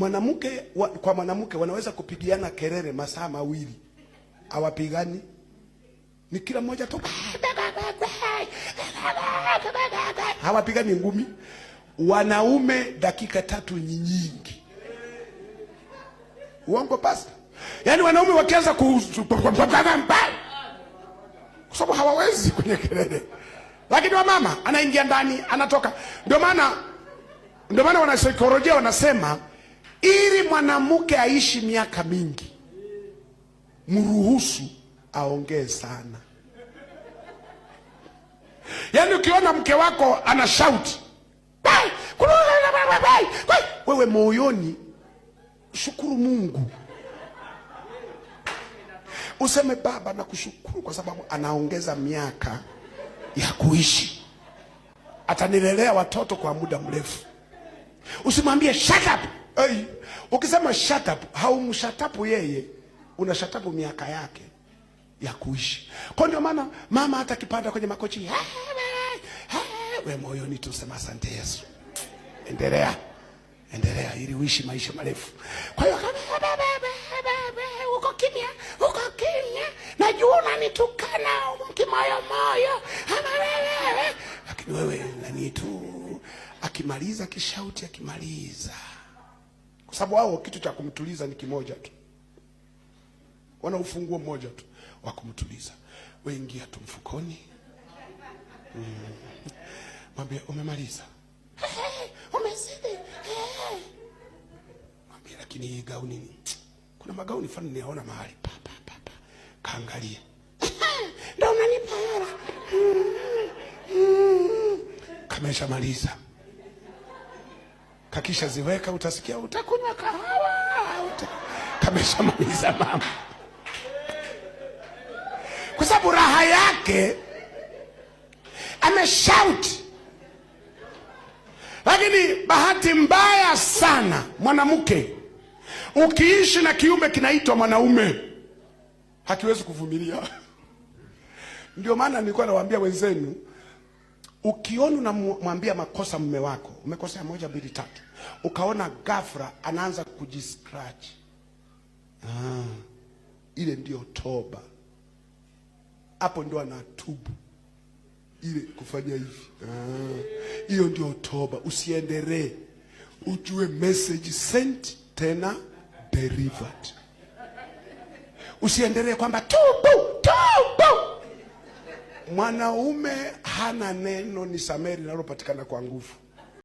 mwanamke wa, kwa mwanamke wanaweza kupigiana kelele masaa mawili awapigani ni kila mmoja tu hawapigani ngumi. Wanaume dakika tatu nyingi, uongo pasta. Yaani wanaume wakianza ku kwa sababu hawawezi kwenye kelele, lakini mama anaingia ndani anatoka. Ndio maana ndio maana wanasaikolojia wanasema ili mwanamke aishi miaka mingi, mruhusu aongee sana. Yaani ukiona mke wako ana shauti wewe moyoni, shukuru Mungu, useme Baba, nakushukuru kwa sababu anaongeza miaka ya kuishi, atanilelea watoto kwa muda mrefu. Usimwambie shut up. Hey, ukisema shut up haumshatapu yeye, unashatapu miaka yake ya kuishi. Kwa ndio maana mama hata kipanda kwenye makochi ha, hey, we moyoni tusema asante Yesu, endelea endelea ili uishi maisha marefu. Kwa hiyo uko kimya, uko kimya, najua unanitukana moyo, lakini wewe nani tu akimaliza kishauti akimaliza kwa sababu wao kitu cha kumtuliza ni kimoja tu, wana ufunguo mmoja tu wa kumtuliza. Waingia tu mfukoni, mm. Mwambie umemaliza, umezidi. Mwambie lakini hii gauni, kuna magauni fulani niyaona mahali pa pa pa pa, kaangalie ndio unanipa hela. mm, mm. mm. Kameshamaliza kakisha ziweka, utasikia utakunywa kahawa uta, kameshamaliza mama, kwa sababu raha yake ameshauti. Lakini bahati mbaya sana, mwanamke ukiishi na kiume kinaitwa mwanaume hakiwezi kuvumilia. Ndio maana nilikuwa nawaambia wenzenu Ukiona unamwambia makosa mume wako, umekosea moja mbili tatu, ukaona ghafla anaanza kujiscratch, ah, ile ndio toba. Hapo ndio anatubu, ile kufanya hivi, ah, hiyo ah, ndio toba. Usiendelee, ujue message sent tena delivered. Usiendelee kwamba tubu tubu Mwanaume hana neno ni samehe linalopatikana kwa nguvu.